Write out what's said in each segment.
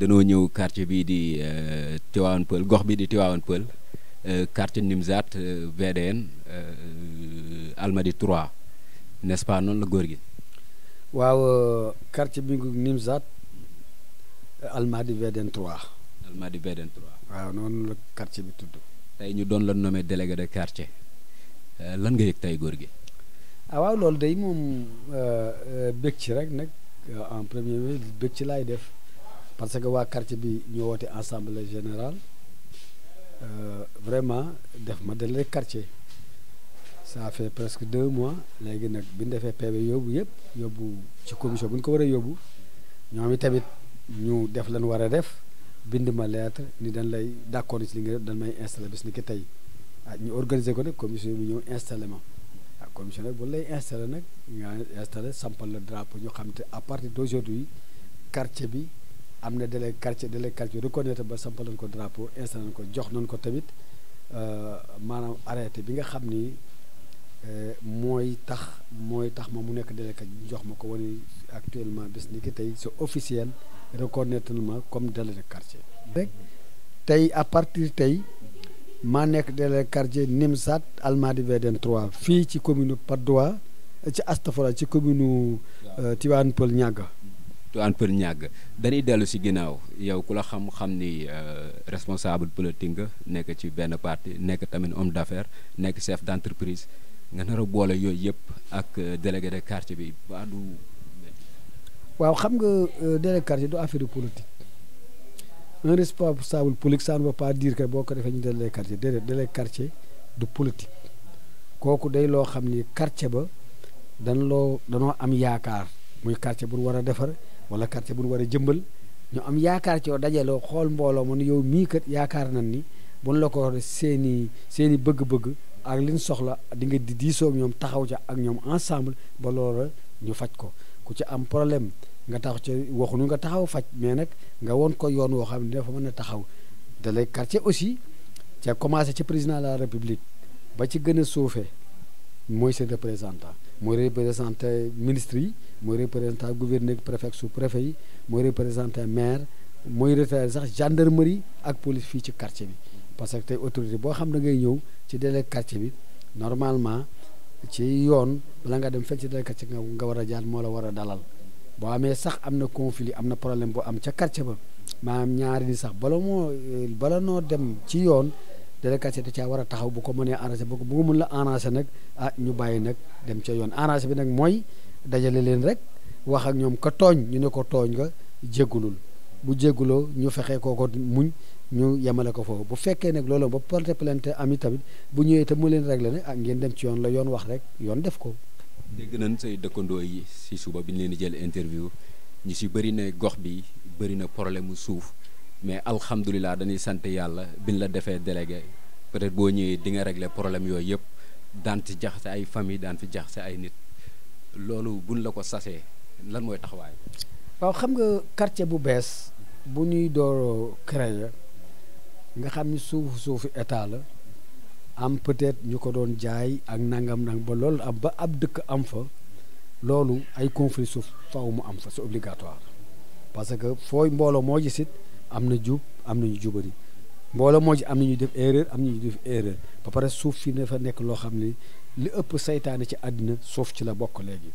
danoo ñëw quartier bii di euh, Tivaouane Peulh gox bi di Tivaouane Peulh euh, quartier Nimzat euh, VDN Almadi 3 nest pas noonu la góor gi. waaw quartier bi Nimzat Almadi VDN 3. Almadi VDN 3. waaw noonu la quartier bi tudd. tey ñu doon la nommé délégué de quartier lan nga yëg tey góor gi. Ah, waaw loolu day moom bëgg ci rek nag en premier lieu bëgg ci laay def. parce que wa quartier bi assemblée générale euh, vraiment def ma quartier ça fait presque deux mois légui nak PV ci commission ko tamit ñu def def bind ma lettre ni dañ lay d'accord ci li dañ may ah, commission ah, commission bu lay installé le drapeau ñu à partir d'aujourd'hui quartier am na délégué quartier délégué quartier reconnaître ba sampaloon ko drapeau installé nañ ko jox nañ ko tamit euh, maanaam arrêté bi nga xam ni euh, mooy tax mooy tax ma mu nekk délégué jox ma ko wane actuellement bés ni ki tey c'est officiel reconnaître ma comme délégué quartier. rek tey à partir tey maa nekk délégué quartier Nimsaat Almadi VDN 3 fii ci commune Patte d'Oie ci Astafura ci commune euh, tiwaan Peulh Niaga. Tivaouane Peulh ñàgg dañuy dellu si ginnaaw yow ku la xam-xam ni euh, responsable politique nga nekk ci benn parti nekk tamit homme d'affaires nekk chef d'entreprise nga nar a boole yooyu yëpp ak euh, délégué de quartier bi ba du. waaw xam nga euh, délégué quartier du affaire politique un responsable politique ça ne veut pas dire que boo ko defee ñu délégué quartier déedéet délégué quartier du politique kooku day loo xam ni quartier ba dañ loo danoo am yaakaar muy quartier bu ñu war a defar wala quartier bu ñu war a jëmbal ñu am yaakaar ci yow dajaloo xool mbooloo ma yow mii kat yaakaar nañ ni bu ñu la ko seeni seeni bëgg-bëgg ak li soxla di nga di diisoo ñoom taxaw ca ak ñoom ensemble ba loola ñu faj ko ku ci am problème nga tax ca waxuñu nga taxaw faj mais nag nga won ko yoon woo xam ne dafa mën a taxaw dalay quartier aussi ca commencé ca président la république ba ci gën a suufee mooy seen représentant mooy représenté ministre yi mooy représenté gouverneur préfet sous préfet yi mooy représenté maire mooy retraité sax gendarmerie ak police fii ci quartier bi parce que tey autorité boo xam da ngay ñëw ci délégué quartier bi normalement ci yoon bala nga dem fekk ci délégué quartier nga nga war a jaar moo la war a dalal boo amee sax am na conflit am na problème boo am ca quartier ba maanaam ñaari ni sax bala moo bala noo dem ci yoon délégué da caa war a taxaw bu ko mënee arrangé bu ko bu mun la arrangé nag ah ñu bàyyi nag dem ca yoon arrangé bi nag mooy dajale leen rek wax ak ñoom ka tooñ ñu ne ko tooñ nga jéggulul bu jégguloo ñu fexe kooko muñ ñu yemale ko foofu bu fekkee nag loolu ba porté plainte am tamit bu ñëwee te mu leen réglé ne ah ngeen dem ci yoon la yoon wax rek yoon def ko. dégg nañ say dëkkandoo yi si suba bi ñu leen di jël interview ñu si bëri ne gox bi bëri na problème mu suuf. mais alhamdulilah dañuy sant yàlla biñ la defee délégué peut-être boo ñëwee di nga régler problème yooyu yëpp daan ci jaxase ay famille daan fi jaxase ay nit loolu buñ la ko sasee lan mooy taxawaay. waaw xam nga quartier bu bees bu ñuy door créer nga xam ni suufu suufu état la am peut-être ñu ko doon jaay ak nangam nang ba loolu am ba ab dëkk am fa loolu ay conflit suuf faw mu am fa c'est obligatoire parce que fooy mbooloo moo gisit am na jub am na ñu jubari mbooloo moo ci am na ñuy def erreur am na ñuy def erreur ba pare suuf fi fa nekk loo xam ni li ëpp seytaane ci àddina suuf ci la bokk léegi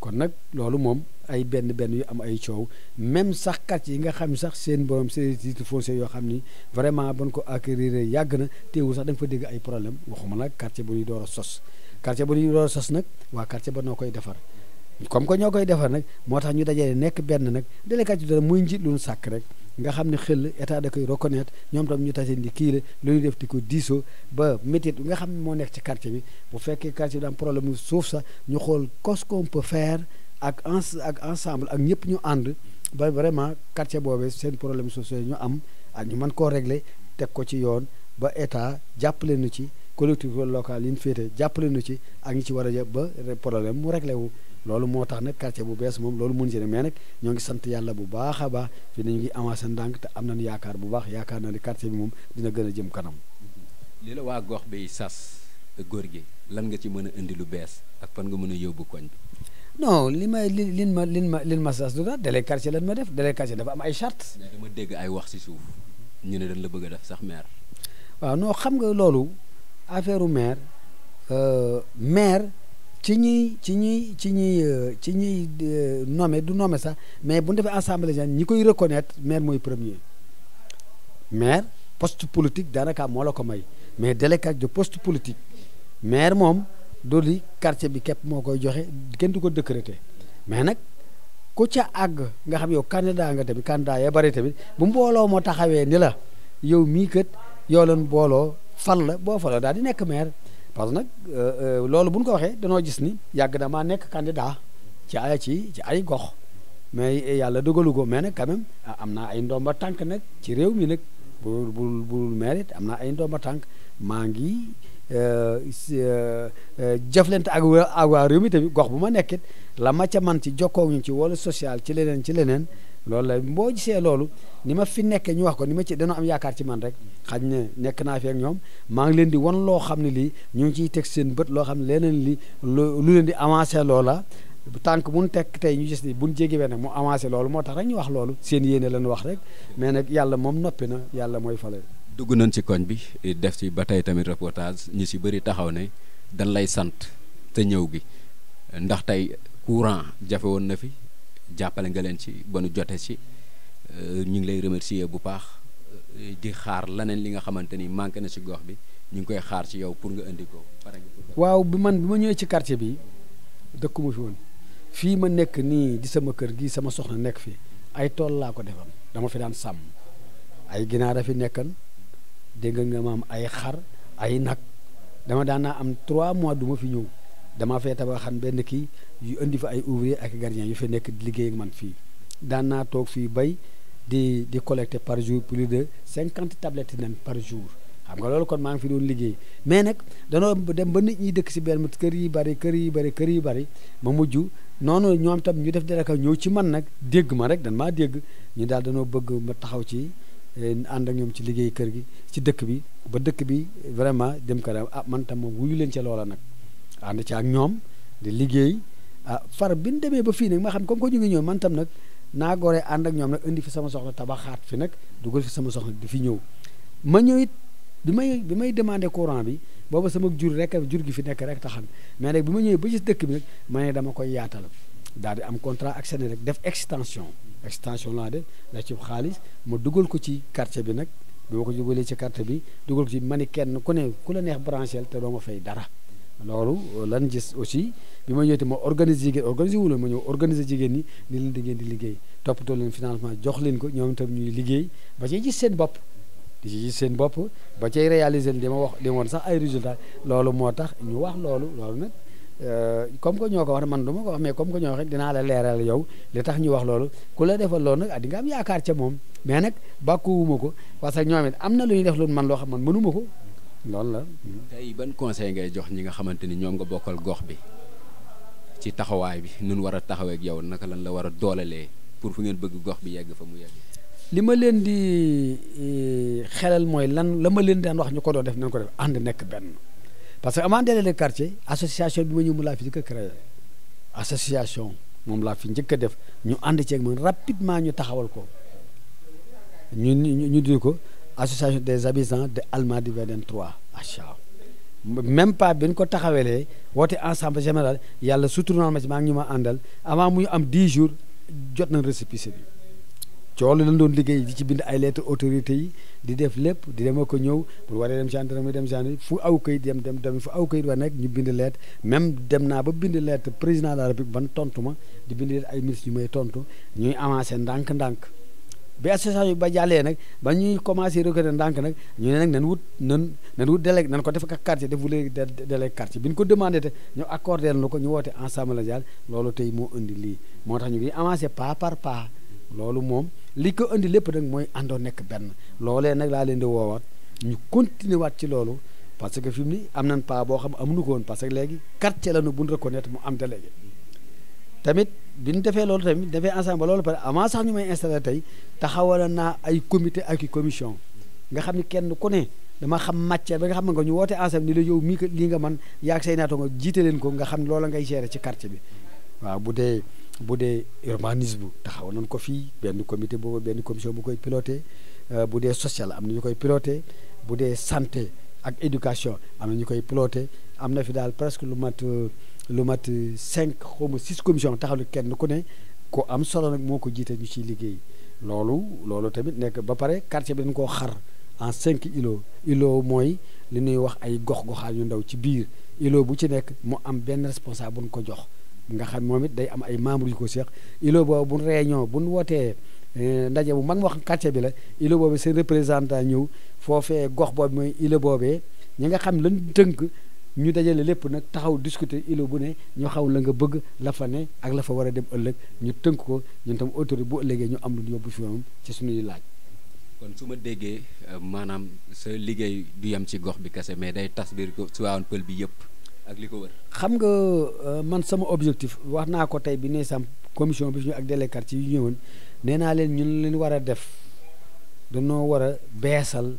kon nag loolu moom ay benn benn yu am ay coow même sax quartier yi nga xam sax seen borom seen titre yoo xam ni vraiment ban ko acquérir yàgg na teewul sax da fa dégg ay problème waxuma nag quartier bu ñuy door a sos quartier bu ñuy door a sos nag waa karce ba noo koy defar comme que ñoo koy defar nag moo tax ñu dajale nekk benn nag délégué quartier dara muy njiit lu sàkk rek nga xam ne xel état da koy reconnaître ñoom tam ñu tase di kii lu ñu def di ko diisoo ba métier bi nga xam moo nekk ci quartier bi bu fekkee quartier bi am problème mu suuf sax ñu xool qu'est-ce qu'on peut faire ak ens ak ensemble ak ñëpp ñu ànd ba vraiment quartier boobe seen problème suuf ñu am ak ñu mën koo régler teg ko ci yoon ba état jàppale nu ci collectivité locale yi ñu féete jàppale nu ci ak ñi ci war a ba problème mu réglé wu. loolu moo tax nag quartier bu bees moom loolu mun si ne mais nag ñoo ngi sant yàlla bu baax a baax fi nañu ngi avancé ndànk te am nañu yaakaar bu baax yaakaar na ne quartier bi moom dina gën a jëm kanam li la waa gox bi sas góor gi lan nga ci mën a indi lu bees ak fan nga mën a yóbbu koñ bi non li ma li lin ma lin ma lin ma sas du dara délégué quartier lan ma def délégué quartier dafa am ay charte dama dégg ay wax si suuf ñu ne dañ la bëgg a def sax maire waaw non xam nga loolu affaire maire euh, maire ci ñuy ci ñuy ci ñuy ci ñuy nommé du nommé sax mais bu ñu defee assemblée générale ñi koy reconnaître maire moy premier maire poste politique daanaka mo la ko may mais délégué de poste politique maire moom dooli quartier bi képp mo koy joxé kenn du ko décréter mais nak ku ca ag nga xam yow candidat nga tamit candidat ya bari tamit bu mbolo mo taxawé ni la yow mi kët yo lan booloo fal la bo faloo daal di nek maire parce que nag euh, euh, loolu bu ñu ko waxee danoo gis ni yàgg damaa nekk candidat ci ay ci ci ay gox mais yàlla dogalu ko mais nag quand même ah, am naa ay tànk nag ci réew mi nag bu bu bu mérite am naa ay ndomba tànk maa ngi euh, jëflante ak ak waa réew mi tamit gox bu ma nekkit la ma ca man ci jokkoo ñu ci wala social ci leneen ci leneen loolu la boo gisee loolu ni ma fi nekkee ñu wax ko ni ma ci dana am yaakaar ci man rek xañ ne nekk naa fi ak ñoom maa ngi leen di wan loo xam ne lii ñu ngi ciy teg seen bët loo xam ne leneen li lu leen di avancé loola tànk mun teg tey ñu gis ni buñ jéggiwee nag mu avancé loolu moo tax rek ñu wax loolu seen yéene lañu wax rek mais nag yàlla moom noppi na yàlla mooy fale dugg nañ ci koñ bi def ci ba tey tamit reportage ñu si bëri taxaw ne dañ lay sant te ñëw gi ndax tey courant jafe woon na fi jàppale nga len ci bonu joté ci euh, ñu ngi lay remercier bu baax euh, di xaar lanen li nga xamanteni manké na ci gox bi ñu koy xaar ci yow pour nga andi ko. waaw bi man bi ñëw ci quartier bi fi woon fi ma nekk ni di sama kër gi sama soxna nekk fi ay tool la ko defam dama fi daan sam ay ginaar fi nekkan dégg nga ma am ay xar ay nak dama daana am 3 mois du fi ñëw. damaa fee tabaxan benn kii yu indi fa ay ouvrier ak gardien yu fi nekk liggéey ak man fii daan naa toog fii bay di di collecter par jour plus de cinquante tablettes nen par jour xam nga loolu kon maa ngi fi doon liggéey mais nag danoo dem ba nit ñi dëkk si benn kër yi bari kër yi bari kër yi bari ma mujj noonu ñoom tam ñu def deraka ñëw ci man nag dégg ma rek dan maa dégg ñu daal danoo bëgg ma taxaw ci eh, ànd ak ñoom ci liggéey kër gi ci dëkk bi ba dëkk bi vraiment dem kanam ah man tam moom wuyu leen ca loola nag ànd ci ak ñoom di liggéey ah far bi ñu demee ba fii nag ma xam comme ko ñu ngi ñëw man tam nag naa gooree ànd ak ñoom nag indi fi sama soxla tabaxaat fi nag dugal fi sama soxla di fi ñëw ma ñëw it bi may bi may demandé courant bi boobu sama jur rek jur gi fi nekk rek taxam mais nag bi ma ñëwee ba gis dëkk bi nag ma dama koy yaatal daal di am contrat ak rek def extension extension laa de la ci xaalis ma dugal ko ci quartier bi nag bi ma ko dugalee ci quartier bi dugal ko ma ni kenn ku ne ku la neex branchel te doo ma fay dara loolu lan gis aussi bi ma ñëwee ma organiser jigéen organiser wu ma ñëw organiser jigéen ñi ni leen di ngeen di liggéey toppatoo leen financement jox leen ko ñoom itam ñuy liggéey ba cay gis seen bopp di ci gis seen bopp ba cay réaliser di ma wax li woon sax ay résultats loolu moo tax ñu wax loolu loolu nag euh, comme ko wax man du ma ko wax que ñoo wax rek la leeral yow li tax ñu wax loolu ku la defal loolu nag a ah, di nga am yaakaar ca moom mais nag bàkkuwuma ko parce que ñoom it am na lu ñuy def loolu man loo xam man mënuma ko loolu la. tey ban conseil ngay jox ñi nga xamante ni ñoom nga bokkal gox bi ci taxawaay bi nun war a taxawee yow naka lan la war a doolelee pour fu ngeen bëgg gox bi yegg fa mu yegg. li ma leen di eh, xelal mooy lan la ma leen daan wax ñu ko doon def nañ ko def ànd nekk benn parce que avant délégué de quartier association bi ma ñëw mu laa fi njëkk a association moom laa fi njëkk a def ñu ànd ceeg moom rapidement ñu taxawal ko ñu ñu di ko. association des habitants de Alma Almadies VDN 3 macha allah même pas bi ñu ko taxawelee woote ensemble général yàlla suturnaal ma ci maa ngi ñu ma Andal. avant muy am 10 jours jot nañ récépissé bi coolu lañ doon liggéey di ci bind ay lettres autorité di def lépp di dem ko ñëw bu waree dem gendarmerie dem gendarmerie fu aw kayit dem dem dem fu aw kayit wa nekk ñu bind lettre même dem na ba bind lettre président de la république ban tontuma di bind ay ministres yu may tontu ñuy avancer ndànk-ndànk bi association bi ba jàllee nag ba ñuy commencé recruter ndànk nag ñu ne nag nan wut nan nan wut délégué nan ko def ak quartier def wule délégué quartier bi ñu ko demandé te ñu accordé na ko ñu woote ensemble la loolu tey moo indi lii moo tax ñu ngi avancé pas par pas loolu moom li ko indi lépp nag mooy àndoo nekk benn loolee nag laa leen di woowaat ñu continuer waat ci loolu parce que fi ni am nan pas boo xam amuñu ko woon parce que léegi quartier la nu buñ reconnaître mu am délégué tamit bi ñu defee loolu tamit defee ensemble ba loolu pare avant sax ñu may installé tey taxawal na ay comité ak i commission nga xam ni kenn ku ne dama xam matière ba nga xam ne nga ñu woote ensemble ni la yow mii lii nga man yaa ak say naatoo nga jiite leen ko nga xam ne loola ngay gérer ci quartier bi waaw bu dee bu dee urbanisme taxaw nañ ko fii benn comité boobu benn commission bu koy piloté euh, bu dee social am na ñu koy piloté bu dee santé ak éducation am na ñu koy piloté am na fi daal presque lu mat euh, le mat euh, cinq xaw six commission taxaw kenn ku ne nous am solo nak moko nous jiite ñu lolu liggéey loolu loolu tamit nek ba pare quartier bi dañ en cinq îlots ilo moy li ñuy wax ay gox-goxaan ñu ndaw ci biir îlot bu ci am responsable bu ko jox nga day am ay membres yu ko seex îlot nous bu réunion bu woté euh, ndaje bu mag wax quartier bi la représentant fofé gox bobé ñu dajale lépp nag taxaw discuter ilo bu ne ñu xaw la nga bëgg la fa ne ak la fa war a dem ëllëg ñu tënk ko ñun tam autorité bu ëllëgee ñu am lu ñu yóbbu fi moom ci suñuy laaj. kon su ma déggee euh, maanaam sa liggéey du yem ci gox bi kese mais day tas biir ko Tivaouane Peulh bi yëpp ak li ko wër. xam nga euh, man sama objectif wax naa ko tey bi ne samp commission bi ñu ak délégué quartier yu ñëwoon nee naa leen ñun leen war a def danoo war a beesal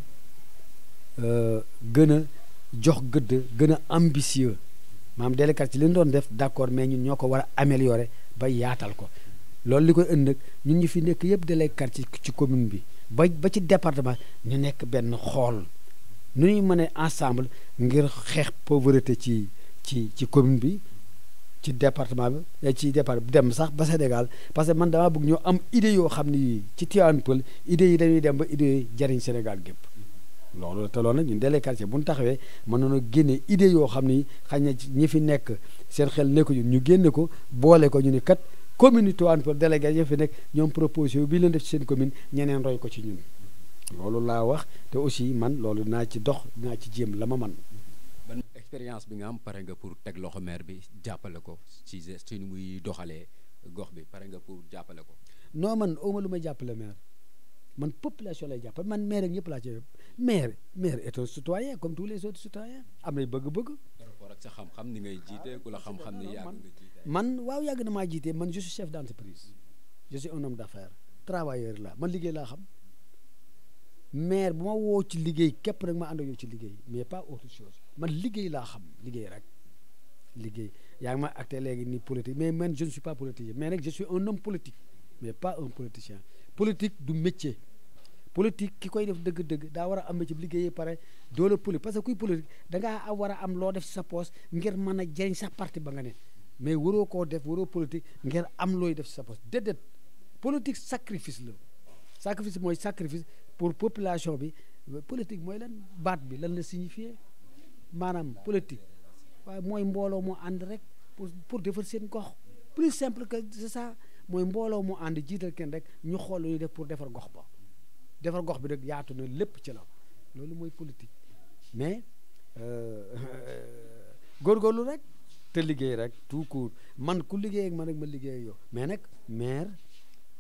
euh, gën a. jox gëdd gën a ambitieux maam dellukat ci li ñu doon def d'accord mais ñun ñoo ko war a améliorer ba yaatal ko loolu li koy ënd ñun ñu fi nekk yëpp dellukat ci ci commune bi ba ba ci département ñu nekk benn xool nu mën a ensemble ngir xeex pauvreté ci ci ci commune bi ci département bi eh, ci départ dem sax ba Sénégal parce que man damaa bëgg ñoo am idée yoo xam ni ci Tivaouane Peulh idée yi dañuy dem ba idée yi jariñ Sénégal gépp loolu te loolu nag ñun délégué bu ñu taxawee mën nañoo génne idée yoo xam ni xañ na ñi fi nekk seen xel nekku ñu génne ko boole ko ñu ni kat commune Tivaouane Peulh délégué fi nekk ñoom proposé bi leen def seen commune ñeneen roy ko ci ñun loolu laa wax te aussi man loolu naa ci dox naa ci jéem la ma man ban expérience bi nga am pare nga pour teg loxo maire bi jàppale ko ci ci muy doxalee gox bi pare nga pour jàppale ko non man awma lu may jàppale maire man population lay jàppale man maire ak ñëpp laa ci maire maire est un citoyen comme tous les autres citoyens am nañ bëgg-bëgg. par ak sa xam ni ngay jiite ku la xam-xam man waaw yàgg na maa jiite man je suis chef d' entreprise je suis un homme d' affaires travailleur la man liggéey laa xam maire bu ma woo ci liggéey képp nag ma ànd ak yow ci liggéey mais pas auto chose man liggéey laa xam liggéey rek liggéey yaa ngi ma acté léegi nii politique mais man je ne suis pas mais nag je suis un homme mais pas un politicien politique du métier. politique ki koy def dëgg-dëgg daa war a am na ci liggéey pare doole politique parce que kuy politique da ngaa war a am loo def ci sa poos ngir mën a jëriñ sa parti ba nga ne mais waroo koo def waroo politique nger am looy def ci sa poos déedéet sacrifice la sacrifice mooy sacrifice pour population bi politique mooy lan baat bi lan la signifier maanaam politique waaye mooy mbooloo moo ànd rek pour pour defar seen gox plus semple que c'est sa mooy mbooloo moo ànd jiital kenn rek ñu xool lu ñuy pour defar gox ba defar gox bi nag yaatu na lépp ci la loolu mooy politique mais euh, góorgóorlu rek te liggéey rek tout court man ku liggéey ak man rek ma liggéey ak yow mais nag maire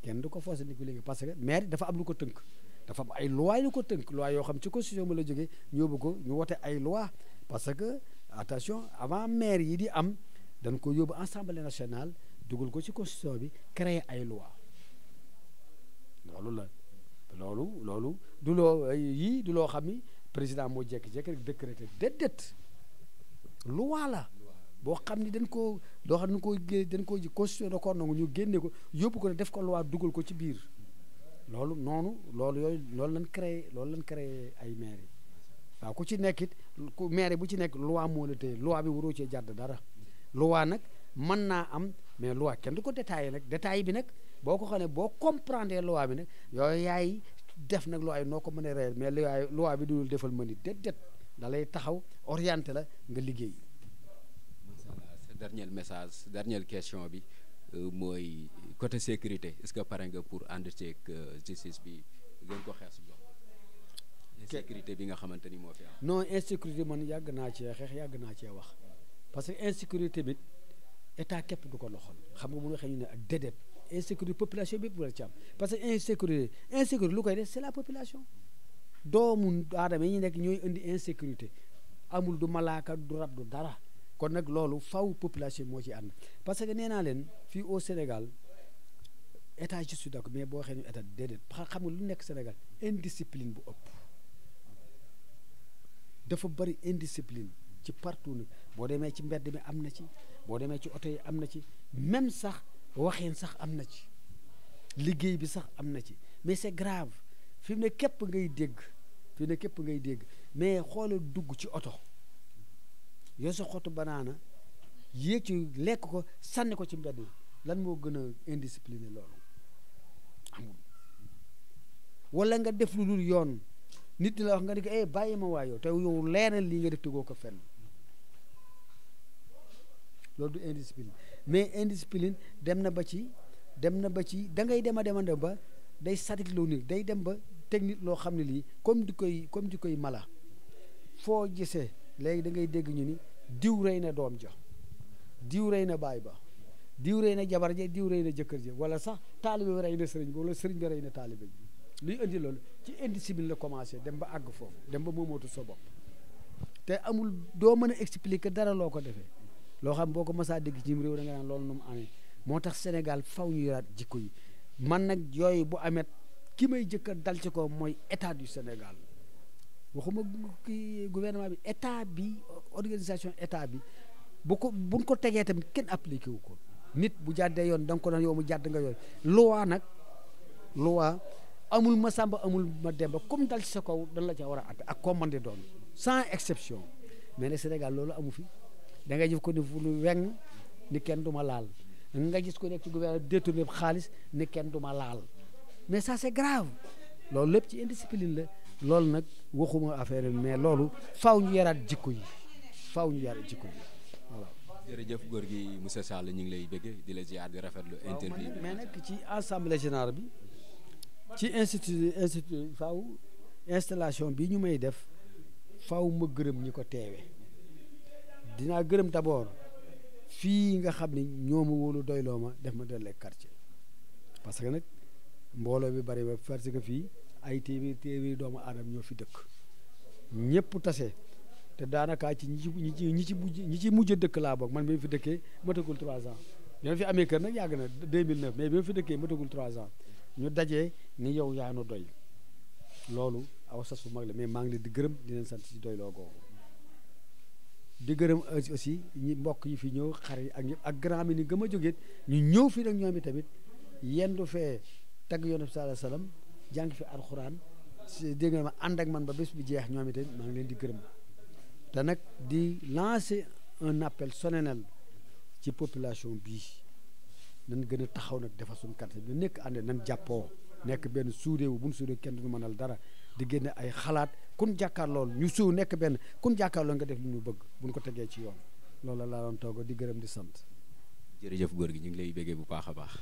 kenn du ko forcé ni ku liggéey parce que maire dafa am lu ko tënk dafa am ay loi yu ko tënk loi yoo xam ci constitution ma la jógee ñu yóbbu ko ñu wote ay loi parce que attention avant maire yi di am dañ ko yóbbu assemblée nationale dugal ko ci constitution bi créer ay loi loolu la du loo yii du loo xam ni président moo jékki-jékki rek décrété déedéet loi la boo xam ni dañ ko doo xam ne dañ ko dañ ko constitution ko nangu ñu génne ko yóbbu ko ne def ko loi dugal ko ci biir loolu noonu loolu yooyu loolu lañ créé loolu lañ créé ay maire yi waaw ku ci nekk ku maire bu ci nekk loi moo la téye loi bi waroo cee jàdd dara loi nag mën naa am mais loi kenn du ko détaillé nag détail bi nag boo ko xamee boo comprendre loi bi nag yooyu yaay def nag loi yi noo ko mënee reyal mais loi loi bi dul defal ma nit det déet da lay taxaw orienté la nga liggéey. macha allah sa dernier message dernière question bi euh, mooy côté sécurité est-ce que pare nga pour ànd euh, justice bi gën ko xeex si insécurité bi nga xamante ni moo fi am. non insécurité man yàgg naa cee xeex yàgg naa cee wax parce que insécurité bi état képp du ko loxol xam nga bu ñu waxee ñu ne ak déedéet. insécurité population bi war ci am parce que insécurité insécurité lu koy def la population doomu aadama yi ñu nekk ñooy indi insécurité amul du malaaka du rab du dara kon nag loolu faw population moo ci ànd parce que nee naa leen fii au Sénégal état je suis d'accord mais boo xee état déedéet xam nga lu nekk Sénégal indiscipline bu ëpp dafa bari indiscipline ci partout nag boo demee ci mbedd mi am na ci boo demee ci oto yi am na ci même sax waxin sax am na ci liggéey bi sax am na ci mais c'est grave fi mu ne képp ngay dégg fii mu ne képp ngay dégg mais xoolal dugg ci oto yow sa xotu banaana yéeg ci lekk ko sànni ko ci mbedd lan moo gën a indiscipliné loolu amul wala nga def lu dul yoon nit la wax nga ni ko eh bàyyi ma waa yow te yow leeral lii nga def tegoo ko fenn loolu du indiscipliné mais indiscipline dem na ba ci dem na ba ci da ngay dem a dem ba day sadik loo nit day dem ba technique loo xam ne lii comme di koy comme di koy mala foo gisee léegi da ngay dégg ñu ni diw rey na doom ja diw rey na baay ba diw rey na jabar ja diw rey na jëkkër ja wala sax taalibe bi rey na sëriñ bi wala sëriñ bi rey na taalibe bi luy indi loolu ci indiscipline la commencé dem ba àgg foofu dem ba moomootu sa bopp te amul doo mën a expliquer dara loo ko defee loo xam boo ko mësaa dégg ci réew da nga naan loolu nu mu amee moo tax Sénégal faw ñu yoraat jikko yi man nag yooyu bu amet ki may jëkk dal ci ko mooy état du Sénégal waxuma ki gouvernement bi état bi organisation état bi bu ko bu ko tegee tam kenn appliqué wu ko nit bu jàddee yoon da ko doon yow mu jàdd nga yooyu loi nag loi amul ma Kom amul ma demba comme dal ci sa kaw dan la ci war a atte ak commandé doon sans exception mais ne Sénégal loolu amu fi da ngay gis ko ni fu nu weng ni kenn du ma laal nga gis ko nekk ci gouvernement détourné xaalis ni kenn du ma laal mais saa c'est grave loolu lépp ci indiscipline la loolu nag waxuma affaire mais loolu faw ñu yaraat jikko yi faw ñu yaraat jikko yi voilà. jërëjëf góor gi monsieur Sall ñu ngi lay bëgg di la ziar di rafetlu interview mais nag ci assemblée générale bi ci institut institut faw installation bi ñu may def faw ma gërëm ñi ko teewee. dinaa gërëm d'abord fii nga xam ni ñoomu wóolu doyloo ma def ma dellee quartier parce que nag mbooloo bi bari ba parce que fii ay téeméer téeméeri doomu aadama ñoo fi dëkk ñëpp tase te daanakaa ci ñi ci ñi ci mujj ñi ci mujj dëkk laa bokk man bi ma fi dëkkee matagul trois ans bi fi amee kër nag yàgg na 2009 mais bi ma fi dëkkee matagul trois ans ñu dajee ni yow yaanu doy loolu aw sas bu mag la mais maa ngi leen di gërëm di sant si doyloo googu di gërëm aussi ñi mbokk yi fi ñëw xar yi ak ñëpp ak grand mi ni gëm a jógeet ñu ñëw fii nag ñoom i tamit yendu fee tagg yonent bi alayhi salaam jàng fi alxuraan dégg nga ma ànd ak man ba bés bi jeex ñoom i tamit maa ngi leen di gërëm te nag di lancer un appel solennel ci population bii nan gën a taxaw nag defar suñu bi nekk ànd nan jàppoo nekk benn suudeewu bu nu suudee kenn du mënal dara di génn ay xalaat kun jàkkaar loolu ñu suw nekk benn kun jàkkaar loolu nga def li ñu bëgg bu buñ ko tegee ci yoon la laa doon toog di gërëm di sant jërëjëf góor gi ñu ngi lay béggee bu baax a baax